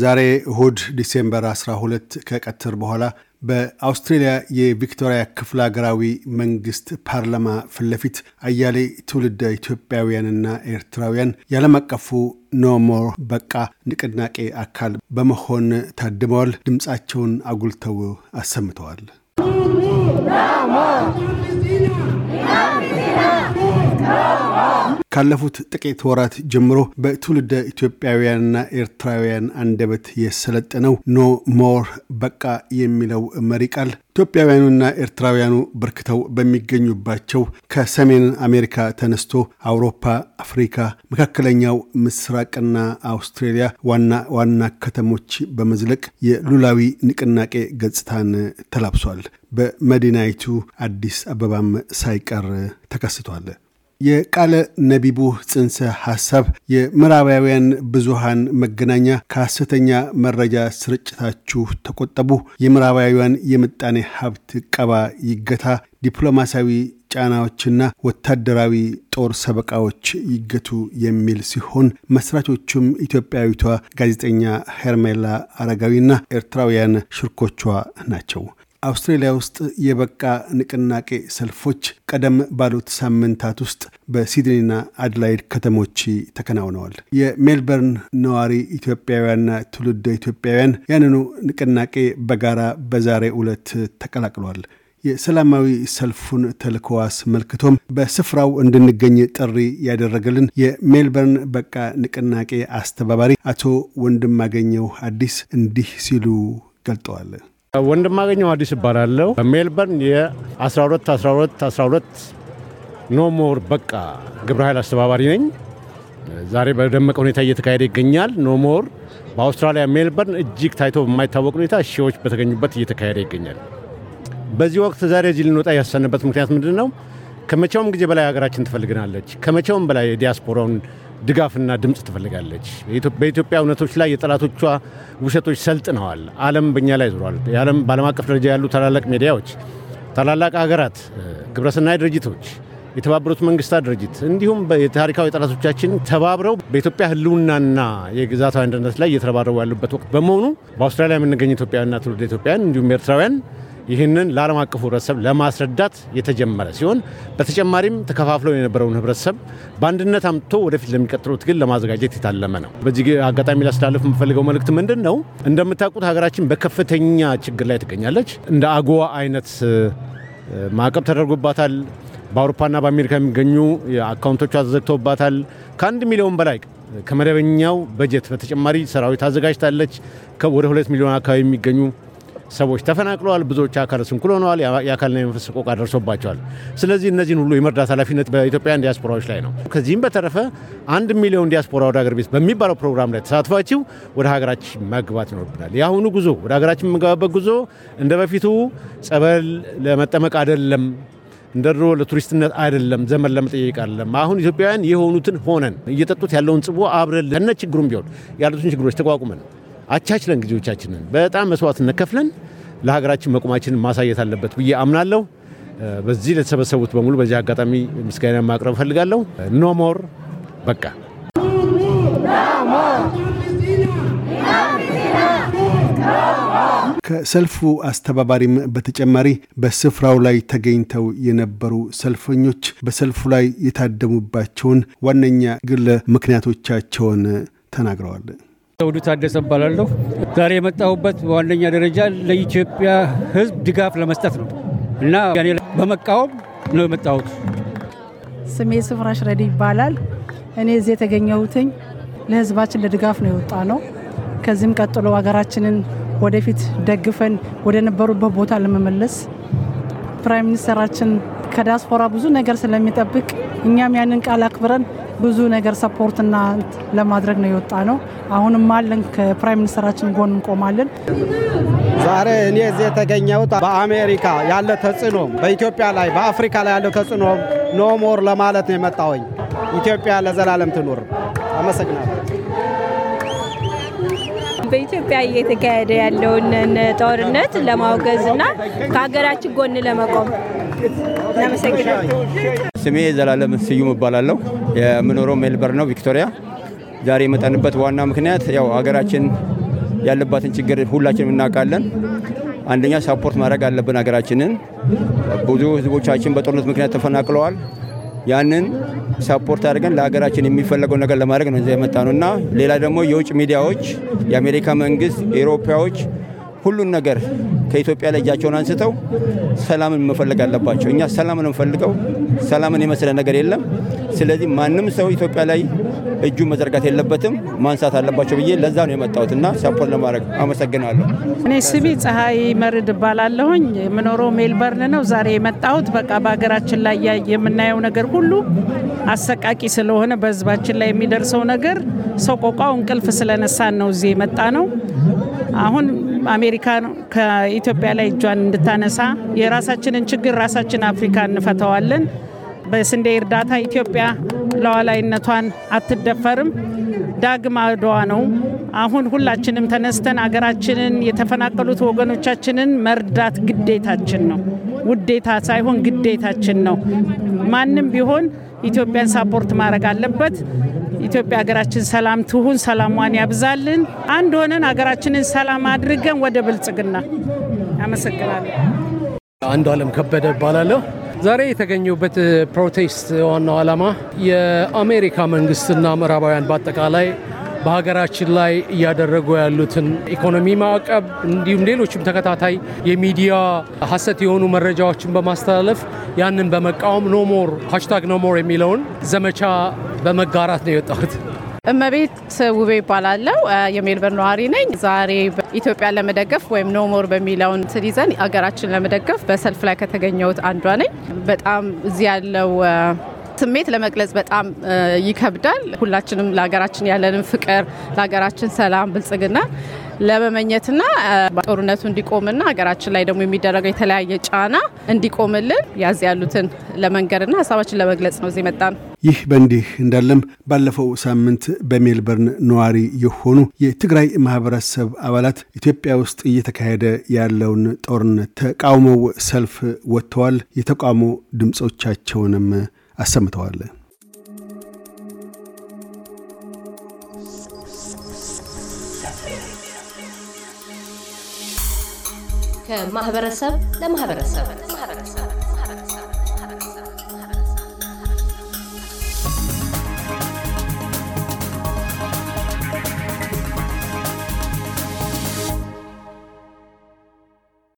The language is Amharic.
ዛሬ እሁድ ዲሴምበር 12 ከቀትር በኋላ በአውስትሬልያ የቪክቶሪያ ክፍለ ሀገራዊ መንግስት ፓርላማ ፍለፊት አያሌ ትውልደ ኢትዮጵያውያንና ኤርትራውያን ያለም አቀፉ ኖሞር በቃ ንቅናቄ አካል በመሆን ታድመዋል። ድምፃቸውን አጉልተው አሰምተዋል። ካለፉት ጥቂት ወራት ጀምሮ በትውልደ ኢትዮጵያውያንና ኤርትራውያን አንደበት የሰለጠነው ኖ ሞር በቃ የሚለው መሪ ቃል ኢትዮጵያውያኑና ኤርትራውያኑ በርክተው በሚገኙባቸው ከሰሜን አሜሪካ ተነስቶ አውሮፓ፣ አፍሪካ፣ መካከለኛው ምስራቅና አውስትሬሊያ ዋና ዋና ከተሞች በመዝለቅ የሉላዊ ንቅናቄ ገጽታን ተላብሷል። በመዲናይቱ አዲስ አበባም ሳይቀር ተከስቷል። የቃለ ነቢቡ ጽንሰ ሐሳብ የምዕራባውያን ብዙሃን መገናኛ ከሐሰተኛ መረጃ ስርጭታችሁ ተቆጠቡ፣ የምዕራባውያን የምጣኔ ሀብት ቀባ ይገታ፣ ዲፕሎማሲያዊ ጫናዎችና ወታደራዊ ጦር ሰበቃዎች ይገቱ የሚል ሲሆን መስራቾቹም ኢትዮጵያዊቷ ጋዜጠኛ ሄርሜላ አረጋዊና ኤርትራውያን ሽርኮቿ ናቸው። አውስትሬሊያ ውስጥ የበቃ ንቅናቄ ሰልፎች ቀደም ባሉት ሳምንታት ውስጥ በሲድኒና አድላይድ ከተሞች ተከናውነዋል። የሜልበርን ነዋሪ ኢትዮጵያውያንና ትውልደ ኢትዮጵያውያን ያንኑ ንቅናቄ በጋራ በዛሬ ዕለት ተቀላቅሏል። የሰላማዊ ሰልፉን ተልኮ አስመልክቶም በስፍራው እንድንገኝ ጥሪ ያደረገልን የሜልበርን በቃ ንቅናቄ አስተባባሪ አቶ ወንድማገኘው አዲስ እንዲህ ሲሉ ገልጠዋል። ወንድማገኘው አዲስ እባላለሁ። ሜልበርን የ12 12 12 በቃ ግብረ ኃይል አስተባባሪ ነኝ። ዛሬ በደመቀ ሁኔታ እየተካሄደ ይገኛል። ኖሞር ሞር በአውስትራሊያ ሜልበርን እጅግ ታይቶ በማይታወቅ ሁኔታ ሺዎች በተገኙበት እየተካሄደ ይገኛል። በዚህ ወቅት ዛሬ እዚህ ልንወጣ ያሰነበት ምክንያት ምንድን ነው? ከመቼውም ጊዜ በላይ ሀገራችን ትፈልግናለች። ከመቼውም በላይ ዲያስፖራውን ድጋፍና ድምፅ ትፈልጋለች። በኢትዮጵያ እውነቶች ላይ የጠላቶቿ ውሸቶች ሰልጥነዋል። ዓለም በእኛ ላይ ዙሯል። የዓለም በዓለም አቀፍ ደረጃ ያሉ ታላላቅ ሚዲያዎች፣ ታላላቅ ሀገራት፣ ግብረሰናይ ድርጅቶች፣ የተባበሩት መንግስታት ድርጅት እንዲሁም የታሪካዊ ጠላቶቻችን ተባብረው በኢትዮጵያ ሕልውናና የግዛታዊ አንድነት ላይ እየተረባረቡ ያሉበት ወቅት በመሆኑ በአውስትራሊያ የምንገኝ ኢትዮጵያውያንና ትውልደ ኢትዮጵያውያን እንዲሁም ኤርትራውያን ይህንን ለዓለም አቀፉ ህብረተሰብ ለማስረዳት የተጀመረ ሲሆን በተጨማሪም ተከፋፍለው የነበረውን ህብረተሰብ በአንድነት አምጥቶ ወደፊት ለሚቀጥሉት ግን ለማዘጋጀት የታለመ ነው። በዚህ አጋጣሚ ላስተላለፍ የምፈልገው መልእክት ምንድን ነው? እንደምታውቁት ሀገራችን በከፍተኛ ችግር ላይ ትገኛለች። እንደ አጎዋ አይነት ማዕቀብ ተደርጎባታል። በአውሮፓና በአሜሪካ የሚገኙ አካውንቶቿ ተዘግተውባታል። ከአንድ ሚሊዮን በላይ ከመደበኛው በጀት በተጨማሪ ሰራዊት አዘጋጅታለች። ወደ ሁለት ሚሊዮን አካባቢ የሚገኙ ሰዎች ተፈናቅለዋል። ብዙዎች አካል ስንኩል ሆነዋል። የአካልና የመንፈስ ቆቃ ደርሶባቸዋል። ስለዚህ እነዚህን ሁሉ የመርዳት ኃላፊነት በኢትዮጵያውያን ዲያስፖራዎች ላይ ነው። ከዚህም በተረፈ አንድ ሚሊዮን ዲያስፖራ ወደ ሀገር ቤት በሚባለው ፕሮግራም ላይ ተሳትፏችሁ ወደ ሀገራችን መግባት ይኖርብናል። የአሁኑ ጉዞ ወደ ሀገራችን የምንገባበት ጉዞ እንደ በፊቱ ጸበል ለመጠመቅ አይደለም፣ እንደ ድሮ ለቱሪስትነት አይደለም፣ ዘመን ለመጠየቅ አይደለም። አሁን ኢትዮጵያውያን የሆኑትን ሆነን እየጠጡት ያለውን ጽቦ አብረን ለነ ችግሩም ቢሆን ያሉትን ችግሮች ተቋቁመን አቻችለን ጊዜዎቻችንን በጣም መስዋዕትነት ከፍለን ለሀገራችን መቆማችንን ማሳየት አለበት ብዬ አምናለሁ። በዚህ ለተሰበሰቡት በሙሉ በዚህ አጋጣሚ ምስጋና ማቅረብ እፈልጋለሁ። ኖ ሞር በቃ ከሰልፉ አስተባባሪም በተጨማሪ በስፍራው ላይ ተገኝተው የነበሩ ሰልፈኞች በሰልፉ ላይ የታደሙባቸውን ዋነኛ ግለ ምክንያቶቻቸውን ተናግረዋል። ተውዱ ታደሰ እባላለሁ። ዛሬ የመጣሁበት በዋነኛ ደረጃ ለኢትዮጵያ ሕዝብ ድጋፍ ለመስጠት ነው እና ያኔ በመቃወም ነው የመጣሁት። ስሜ ስፍራሽ ረዲ ይባላል። እኔ እዚህ የተገኘሁትኝ ለሕዝባችን ለድጋፍ ነው የወጣ ነው። ከዚህም ቀጥሎ ሀገራችንን ወደፊት ደግፈን ወደ ነበሩበት ቦታ ለመመለስ ፕራይም ሚኒስተራችን ከዲያስፖራ ብዙ ነገር ስለሚጠብቅ እኛም ያንን ቃል አክብረን ብዙ ነገር ሰፖርትና ለማድረግ ነው የወጣ ነው። አሁንም አለን ከፕራይም ሚኒስትራችን ጎን እንቆማለን። ዛሬ እኔ እዚህ የተገኘሁት በአሜሪካ ያለ ተጽዕኖ በኢትዮጵያ ላይ በአፍሪካ ላይ ያለው ተጽዕኖ ኖሞር ለማለት ነው የመጣወኝ። ኢትዮጵያ ለዘላለም ትኑር። አመሰግናለሁ። በኢትዮጵያ እየተካሄደ ያለውን ጦርነት ለማውገዝ እና ከሀገራችን ጎን ለመቆም ስሜ ዘላለም ስዩም እባላለሁ። የምኖረው ሜልበርን ነው ቪክቶሪያ። ዛሬ የመጣንበት ዋና ምክንያት ያው ሀገራችን ያለባትን ችግር ሁላችንም እናውቃለን። አንደኛ ሳፖርት ማድረግ አለብን ሀገራችንን። ብዙ ህዝቦቻችን በጦርነት ምክንያት ተፈናቅለዋል። ያንን ሳፖርት አድርገን ለሀገራችን የሚፈለገው ነገር ለማድረግ ነው የመጣ ነው እና ሌላ ደግሞ የውጭ ሚዲያዎች፣ የአሜሪካ መንግስት፣ ኤሮፓዎች ሁሉን ነገር ከኢትዮጵያ ላይ እጃቸውን አንስተው ሰላምን መፈለግ አለባቸው። እኛ ሰላምን ነው የምፈልገው። ሰላምን የመሰለ ነገር የለም። ስለዚህ ማንም ሰው ኢትዮጵያ ላይ እጁ መዘርጋት የለበትም፣ ማንሳት አለባቸው ብዬ ለዛ ነው የመጣሁት እና ሳፖርት ለማድረግ አመሰግናለሁ። እኔ ስሜ ፀሐይ መርድ እባላለሁኝ። የምኖረው ሜልበርን ነው። ዛሬ የመጣሁት በቃ በሀገራችን ላይ የምናየው ነገር ሁሉ አሰቃቂ ስለሆነ በህዝባችን ላይ የሚደርሰው ነገር ሰው ቆቋው እንቅልፍ ስለነሳን ነው እዚህ የመጣ ነው። አሁን አሜሪካ ከኢትዮጵያ ላይ እጇን እንድታነሳ የራሳችንን ችግር ራሳችን አፍሪካ እንፈተዋለን። በስንዴ እርዳታ ኢትዮጵያ ሉዓላዊነቷን አትደፈርም። ዳግም አድዋ ነው። አሁን ሁላችንም ተነስተን አገራችንን የተፈናቀሉት ወገኖቻችንን መርዳት ግዴታችን ነው። ውዴታ ሳይሆን ግዴታችን ነው። ማንም ቢሆን ኢትዮጵያን ሳፖርት ማድረግ አለበት። ኢትዮጵያ ሀገራችን ሰላም ትሁን፣ ሰላሟን ያብዛልን። አንድ ሆነን ሀገራችንን ሰላም አድርገን ወደ ብልጽግና። አመሰግናለሁ። አንዱ አለም ከበደ እባላለሁ። ዛሬ የተገኘበት ፕሮቴስት ዋናው ዓላማ የአሜሪካ መንግስትና ምዕራባውያን በአጠቃላይ በሀገራችን ላይ እያደረጉ ያሉትን ኢኮኖሚ ማዕቀብ እንዲሁም ሌሎችም ተከታታይ የሚዲያ ሀሰት የሆኑ መረጃዎችን በማስተላለፍ ያንን በመቃወም ኖሞር ሃሽታግ ኖሞር የሚለውን ዘመቻ በመጋራት ነው የወጣሁት። እመቤት ውቤ ይባላለው የሜልበርን ነዋሪ ነኝ። ዛሬ ኢትዮጵያን ለመደገፍ ወይም ኖሞር በሚለውን እንትን ይዘን አገራችን ለመደገፍ በሰልፍ ላይ ከተገኘሁት አንዷ ነኝ። በጣም እዚህ ያለው ስሜት ለመግለጽ በጣም ይከብዳል። ሁላችንም ለሀገራችን ያለንን ፍቅር፣ ለሀገራችን ሰላም፣ ብልጽግና ለመመኘትና ጦርነቱ እንዲቆምና ሀገራችን ላይ ደግሞ የሚደረገው የተለያየ ጫና እንዲቆምልን ያዝ ያሉትን ለመንገድና ሀሳባችን ለመግለጽ ነው እዚህ መጣ ነው። ይህ በእንዲህ እንዳለም ባለፈው ሳምንት በሜልበርን ነዋሪ የሆኑ የትግራይ ማህበረሰብ አባላት ኢትዮጵያ ውስጥ እየተካሄደ ያለውን ጦርነት ተቃውመው ሰልፍ ወጥተዋል። የተቃውሞ ድምፆቻቸውንም አሰምተዋል። ከማህበረሰብ ለማህበረሰብ